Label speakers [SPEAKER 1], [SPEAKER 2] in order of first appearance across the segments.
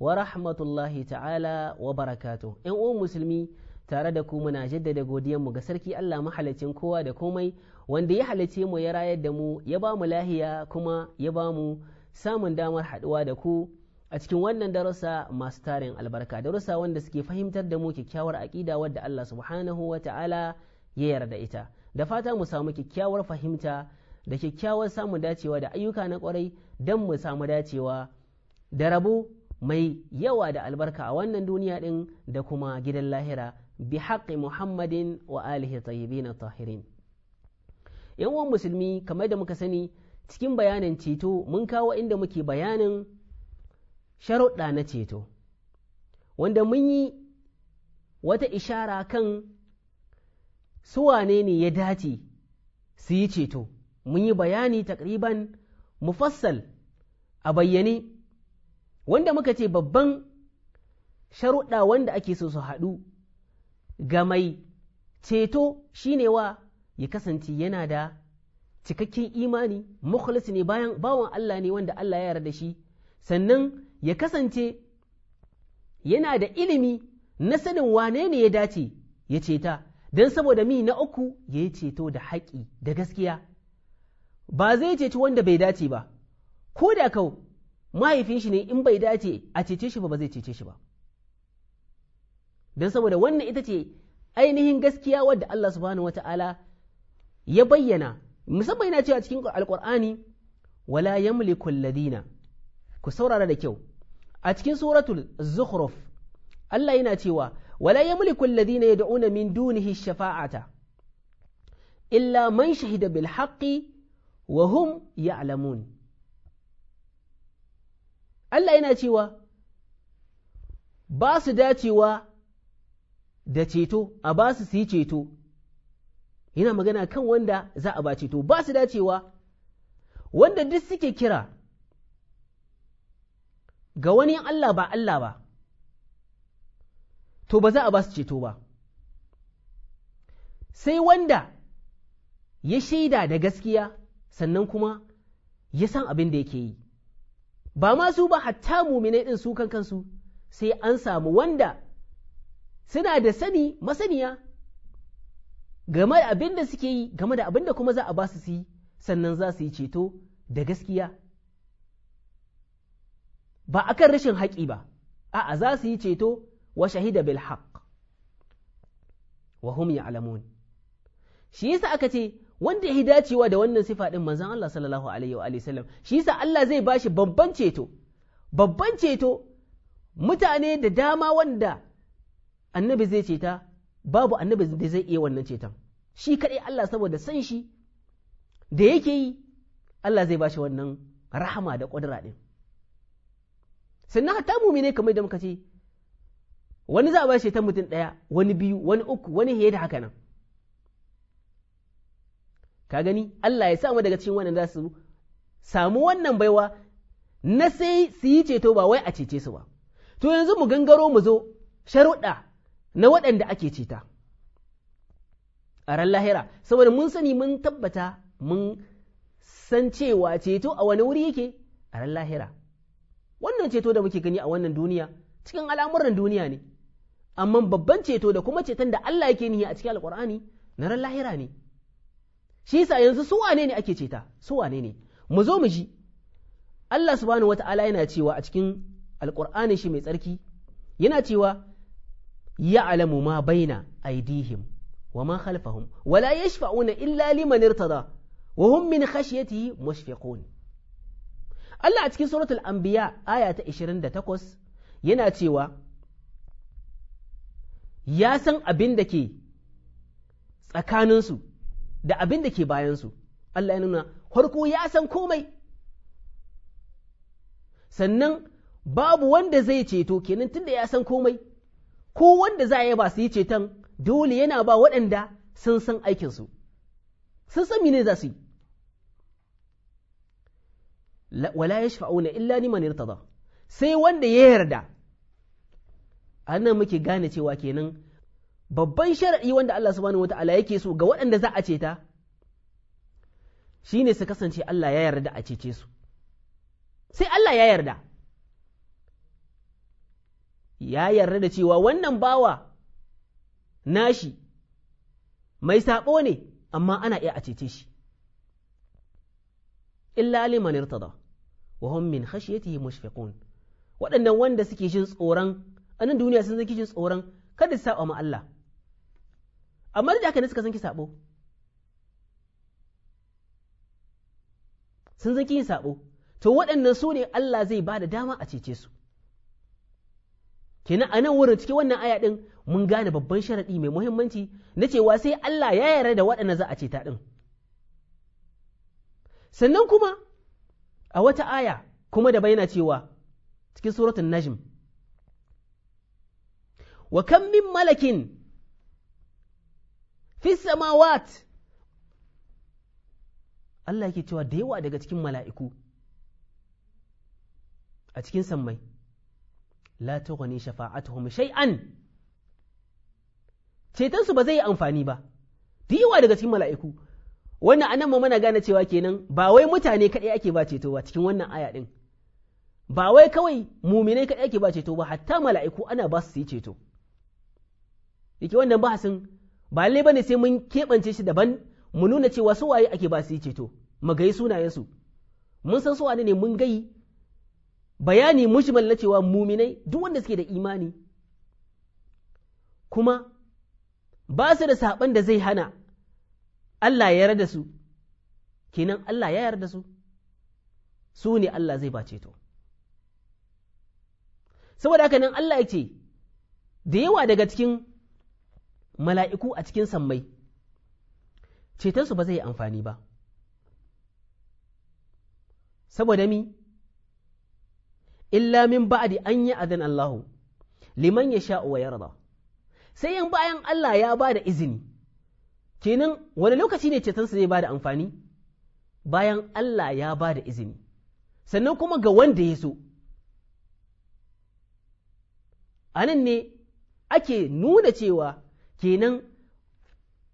[SPEAKER 1] wa rahmatullahi ta'ala wa barakatu ‘yan uwan musulmi tare da ku muna jaddada mu ga sarki Allah mahalicin kowa da komai wanda ya halice mu ya rayar da mu ya ba mu lahiya kuma ya ba mu samun damar haɗuwa da ku a cikin wannan darussa masu tarin albarka darussa wanda suke fahimtar da mu kyakkyawar aƙida wadda Allah subhanahu wa ta'ala ya yarda ita da fata mu samu kyakkyawar fahimta da kyakkyawar samun dacewa da ayyuka na kwarai don mu samu dacewa da rabo mai yawa da albarka a wannan duniya ɗin da kuma gidan lahira bi haƙƙi muhammadin wa alihi tayyibin tahirin yan uwan musulmi kamar da muka sani cikin bayanin ceto mun kawo inda muke bayanin sharuɗa na ceto wanda mun yi wata ishara kan wane ne ya dace su yi ceto mun yi bayani takriban mufassal a bayyane wanda muka ce babban sharuɗa wanda ake so su haɗu ga mai ceto shine wa ya kasance yana da cikakken imani mukhlis ne bayan bawan Allah ne wanda Allah ya da shi sannan ya kasance yana da ilimi na sanin wane ne ya dace ya ceta don saboda mi na uku ya yi ceto da haƙi da gaskiya ba zai ceci wanda bai dace ba ko da kau mahaifin shi ne in bai dace a cece shi ba ba zai cece shi ba don saboda wannan ita ce ainihin gaskiya wadda Allah subhanahu wata'ala ya bayyana musamman yana cewa cikin alkur'ani wala yamliku alladina ku saurara da kyau a cikin suratul zukhruf Allah yana cewa wala yamliku alladina yad'una min dunihi shafa'ata illa man shahida bil haqqi wa hum ya'lamun Allah yana cewa ba su dacewa da ceto a ba su su yi ceto yana magana kan wanda za a ba ceto ba su dacewa wanda duk suke kira ga wani Allah ba Allah ba to ba za a ba su ceto ba sai wanda ya shaida da gaskiya sannan kuma ya san abin da yake yi ba ma su ba hatta muminai ɗin su kan kansu sai an samu wanda suna da sani masaniya game da abin da suke yi game da abin da kuma za a ba su yi sannan za su yi ceto da gaskiya ba akan rashin haƙi ba a'a za su yi ceto wa shahida bil haqq wa hum ya'lamun shi yasa aka ce wanda ya dacewa da wannan sifa din manzon Allah sallallahu alaihi wa sallam shi yasa Allah zai bashi babban ceto babban ceto mutane da dama wanda annabi zai ceta babu annabi da zai iya wannan ceton shi kadai Allah saboda san shi da yake yi Allah zai bashi wannan rahama da kudura din sannan hatta mumine kamar da muka ce wani za a bashi ta mutum ɗaya wani biyu wani uku wani fiye da haka nan ka gani Allah ya samu daga cikin wannan za su samu wannan baiwa na sai su yi ceto ba wai a cece su ba to yanzu mu gangaro mu zo sharuɗa na waɗanda ake ceta a ran lahira saboda mun sani mun tabbata mun san cewa ceto a wani wuri yake a ran lahira wannan ceto da muke gani a wannan duniya cikin al'amuran duniya ne amma babban ceto da kuma ceton da Allah yake nihi a cikin alƙur'ani na ran lahira ne shi yasa yanzu su wane ne ake ceta su wane ne mu zo mu ji Allah subhanahu wata'ala yana cewa a cikin Alƙur'ani shi mai tsarki yana cewa ya'lamu ma baina aidihim wa ma khalfahum wa la yashfa'una illa liman irtada wa hum min khashyatihi mushfiqun Allah a cikin suratul anbiya aya ta 28 yana cewa ya san abin da ke tsakaninsu da abin da ke bayansu Allah ya nuna farko ya san komai sannan babu wanda zai ceto kenan tunda ya san komai ko wanda za a yi ba su yi ceton dole yana ba waɗanda sun san aikinsu sun san mine za su yi wala yashfa'una illa liman irtada sai wanda ya yarda anan muke gane cewa kenan babban sharaɗi wanda Allah subhanahu ala yake so ga waɗanda za a ta shine su kasance Allah ya yarda a cece su sai Allah ya yarda ya yarda da cewa wannan bawa nashi mai saɓo ne amma ana iya a cece shi illa liman irtada wa hum min khashyatihi mushfiqun waɗannan wanda suke jin tsoron anan duniya sun zaki jin tsoron kada su saba ma Allah amma da aka ne suka san ki sabo sun san ki sabo to waɗannan su ne Allah zai ba da dama a cece su kenan a nan wurin cikin wannan aya din mun gane babban sharaɗi mai muhimmanci na cewa sai Allah ya yare da waɗannan za a ce ta ɗin sannan kuma a wata aya kuma da bayyana cewa cikin suratun najm wa kam min malakin ma wat. Allah yake cewa da yawa daga cikin mala'iku a cikin sammai la tughni shafa'atuhum shay'an cetonsu ba zai yi amfani ba da yawa daga cikin mala'iku wannan anan ma mana gane cewa kenan ba wai mutane kaɗai ake ba ceto ba cikin wannan aya ɗin ba wai kawai muminai kaɗai ake ba ceto ba hatta mala'iku ana ba su yi ceto yake wannan bahasin ba lalle bane sai mun keɓance shi daban mu nuna cewa su waye ake ba su ceto mu gayi sunayensu mun san su wani ne mun gayi bayani mujmal na cewa muminai duk wanda suke da imani kuma ba su da saɓan da zai hana Allah ya yarda su kenan Allah ya yarda su su ne Allah zai ba ceto saboda haka nan Allah ya ce da yawa daga cikin mala'iku a cikin sammai cetonsu ba zai yi amfani ba saboda mi illa min ba'di an yi adin Allahu liman ya sha wa yarda sai yan bayan Allah ya ba da izini kenan wani lokaci ne cetonsu zai ba da amfani bayan Allah ya ba da izini sannan kuma ga wanda ya so a nan ne ake nuna cewa kenan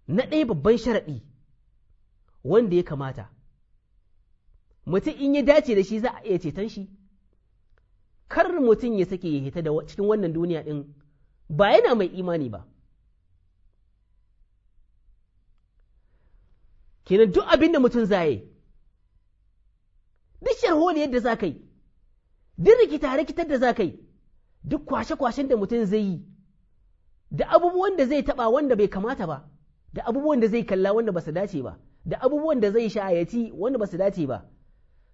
[SPEAKER 1] na ɗaya babban sharaɗi wanda ya kamata mutum in ya dace da shi za a iya ceton shi kar mutum ya sake ya hita da cikin wannan duniya ɗin ba yana mai imani ba kenan duk abin da mutum zaye duk sharholiyar da za ka yi duk rikita rikitar da za ka yi duk kwashe-kwashen da mutum zai yi da abubuwan da zai taba wanda bai kamata ba da abubuwan da zai kalla wanda ba su dace ba da abubuwan da zai ci wanda ba su dace ba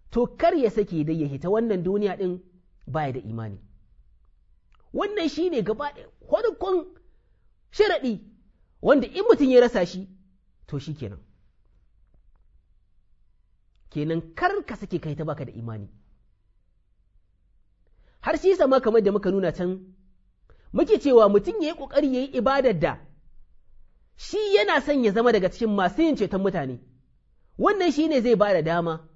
[SPEAKER 1] to kar ya sake da ya hita wannan duniya din baya da imani wannan shine ne da farkon sharaɗi wanda in mutum ya rasa shi to shi kenan kenan kar ka sake kai ta baka da imani har shi sama kamar da muka nuna can muke cewa mutum ya yi ƙoƙari ya yi ibadar da shi yana son ya zama daga cikin masu yin ceton mutane wannan shi ne zai ba da dama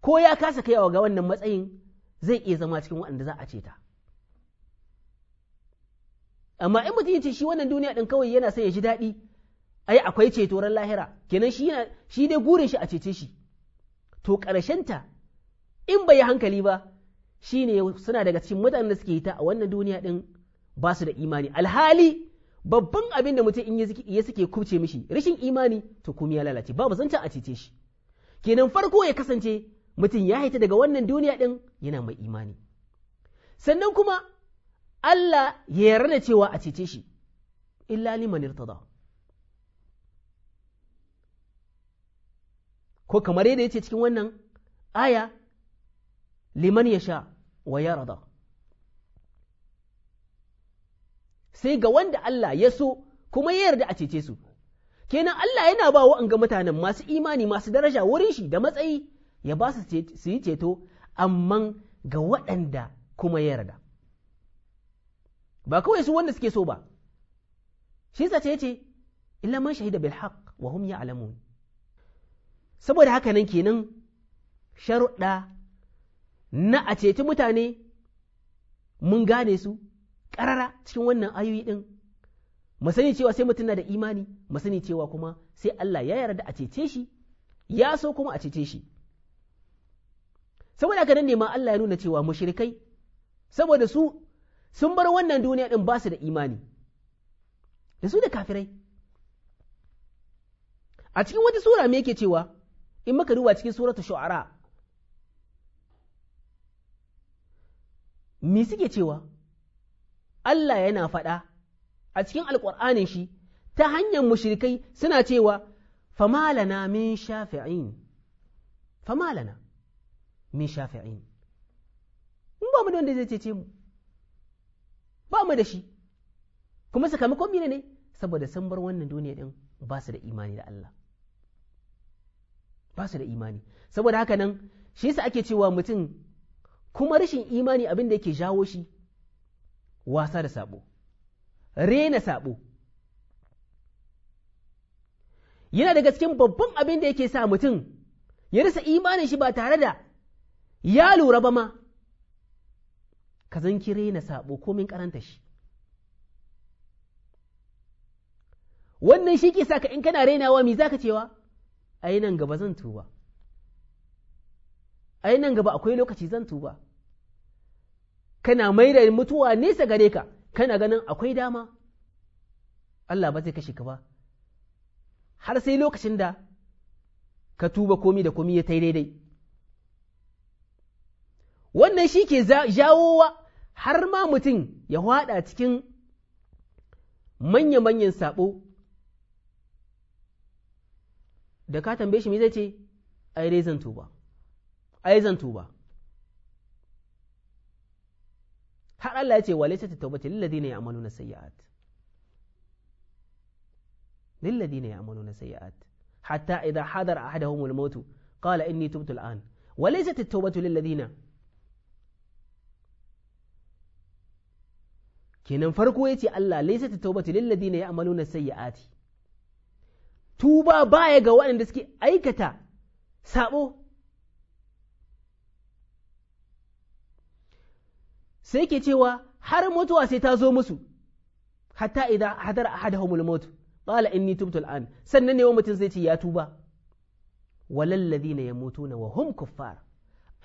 [SPEAKER 1] ko ya kasa kaiwa ga wannan matsayin zai iya zama cikin waɗanda za a ceta amma in mutum ya ce shi wannan duniya ɗin kawai yana son ya ji daɗi ai akwai ceto ran lahira kenan shi yana shi dai gurin shi a cece shi to ta in bai hankali ba shine suna daga cikin mutanen da suke yi a wannan duniya ɗin ba su da imani alhali babban abin da mutum in ya suke kubce mishi rashin imani to kuma ya lalace babu zancen a cece shi kenan farko ya kasance mutum ya haita daga wannan duniya din yana mai imani sannan kuma Allah ya yarda cewa a cece shi illa liman irtada ko kamar yadda yace cikin wannan aya liman yasha wa yarda sai ga wanda Allah ya so kuma ya yarda a cece su kenan Allah yana ba wa'anga mutanen masu imani masu daraja wurin shi da matsayi ya ba su yi ceto amma ga waɗanda kuma ya yarda ba kawai su wanda suke so ba shi sace ce, illa man shahida bil haq wa hum saboda haka nan kenan sharuɗa na a ceci mutane mun gane su ƙarara cikin wannan ayoyi ɗin mu sani cewa sai mutum na da imani mu sani cewa kuma sai Allah ya yarda a cece shi ya so kuma a cece shi saboda haka nan ne ma Allah ya nuna cewa mushrikai saboda su sun bar wannan duniya ɗin ba su da imani da su da kafirai a cikin wata sura me yake cewa in muka duba cikin suratul shu'ara me suke cewa Allah yana faɗa a cikin Alƙur'ani shi ta hanyar mushrikai suna cewa famalana min shafi'in famalana min shafi'in in ba mu da wanda zai cece mu ba mu da shi kuma sakamakon mene ne saboda sun bar wannan duniya din ba su da imani da Allah ba su da imani saboda haka nan shi yasa ake cewa mutum kuma rashin imani abin da yake jawo shi wasa da saɓo rena sabo yana da cikin babban abin da yake sa mutum ya rasa imanin shi ba tare da ya lura ba ma ka ki rena sabo komin karanta shi wannan shi ke sa in kana renawa mi zaka cewa ai nan gaba zan tuba ai nan gaba akwai lokaci zan tuba kana mai da mutuwa nesa gare ka kana ganin akwai dama Allah ba zai kashe ka ba har sai lokacin da ka tuba komi da komi ya tai daidai wannan shi ke jawowa har ma mutum ya hwada cikin manya-manyan sabo da ka tambaye shi me zai ce ai zan tuba ai zan tuba har Allah ya ce walaisa ta taubata lilladina ya'maluna sayyi'at lilladina ya'maluna sayyi'at hatta idza hadara ahaduhumul maut qala inni tubtu al'an walaisa ta taubatu lilladina kenan farko yace Allah laisa ta taubatu lilladina ya'maluna sayyi'ati tuba baya ga waɗanda suke aikata sabo sai ke cewa har mutuwa sai ta zo musu hatta idan hadar ahadahumul maut qala inni tubtu al'an sannan ne wa mutum zai ce ya tuba walal ladina yamutuna wa hum kuffar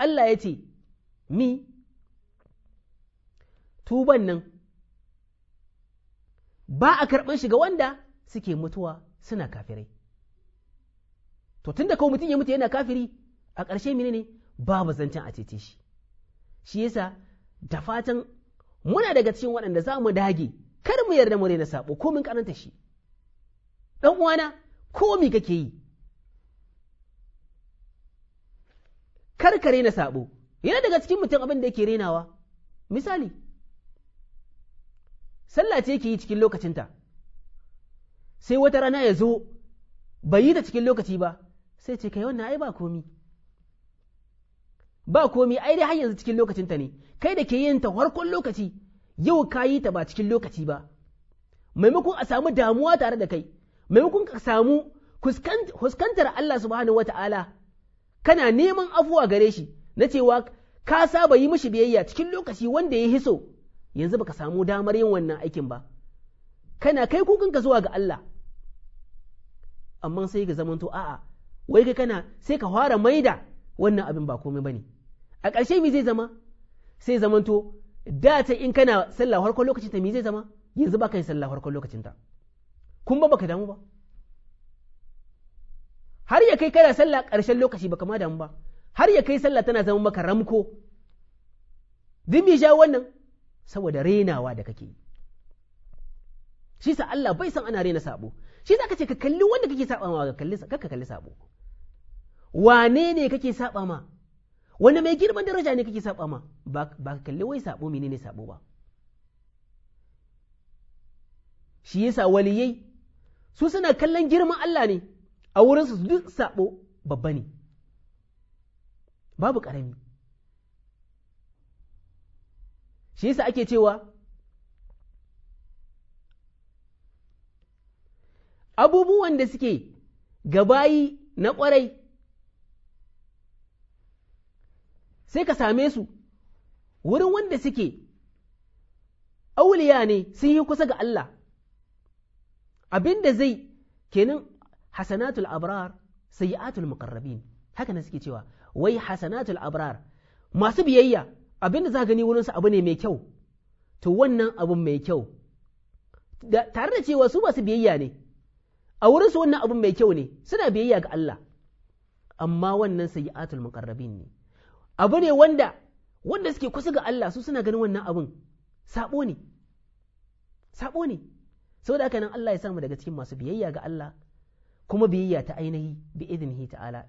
[SPEAKER 1] Allah ya ce ni tuban nan ba a karɓar shiga wanda suke mutuwa suna kafirai to tunda kawai mutum ya mutu yana kafiri a ƙarshe mene ne babu zancen a cece shi shi yasa da fatan muna daga cikin waɗanda za mu dage kar mu yarda mu raina sabo ko mun karanta shi dan uwana ko mi kake yi kar ka rena sabo yana daga cikin mutum abin da yake renawa misali sallah ce yake yi cikin lokacinta sai wata rana ya zo bai yi ta cikin lokaci ba sai ce kai wannan ai ba komi ba komi ai dai har yanzu cikin lokacin ta ne kai da ke yin ta farkon lokaci yau ka yi ta ba cikin lokaci ba maimakon a samu damuwa tare da kai maimakon ka samu huskantar Allah subhanahu wata'ala kana neman afuwa gare shi na cewa ka saba yi mishi biyayya cikin lokaci wanda ya hiso yanzu baka samu damar yin wannan aikin ba kana kai kukanka zuwa ga Allah amma sai zaman zamanto a'a wai kai kana sai ka fara maida wannan abin ba komai ne. a ƙarshe me zai zama sai zamanto da ta in kana sallah farkon lokacin ta me zai zama yanzu ba ka yi sallah farkon lokacin ta kun ba baka damu ba har ya kai kana sallah ƙarshen lokaci baka ma damu ba har ya kai sallah tana zama maka ramko duk me jawo wannan saboda renawa da kake yi shi sa Allah bai san ana rena sabo shi sa kace ka kalli wanda kake sabawa ma ka kalli ka kalli sabo wane ne kake saba ma wani mai girman daraja ne kake saba ma ba ka kalli wai sabo ne sabo ba shi yasa waliyai su suna kallon girman Allah ne a wurin wurinsu duk sabo babba ne babu ƙarami shi yasa ake cewa abubuwan da suke gabayi na kwarai. sai ka same su wurin wanda suke auliya ne sun yi kusa ga Allah abin zai kenan hasanatul abrar sayyi'atul muqarrabin haka ne suke cewa wai hasanatul abrar masu biyayya abin za gani wurin su abu ne mai kyau to wannan abun mai kyau tare da cewa su masu biyayya ne a wurin su wannan abun mai kyau ne suna biyayya ga Allah amma wannan sayyi'atul muqarrabin ne abu ne wanda wanda suke kusa ga Allah su suna ganin wannan abin sabo ne sabo ne saboda haka nan Allah ya samu daga cikin masu biyayya ga Allah kuma biyayya ta ainihi bi idnihi ta'ala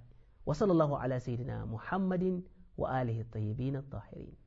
[SPEAKER 1] wa sallallahu ala sayyidina muhammadin wa alihi at-tayyibin at-tahirin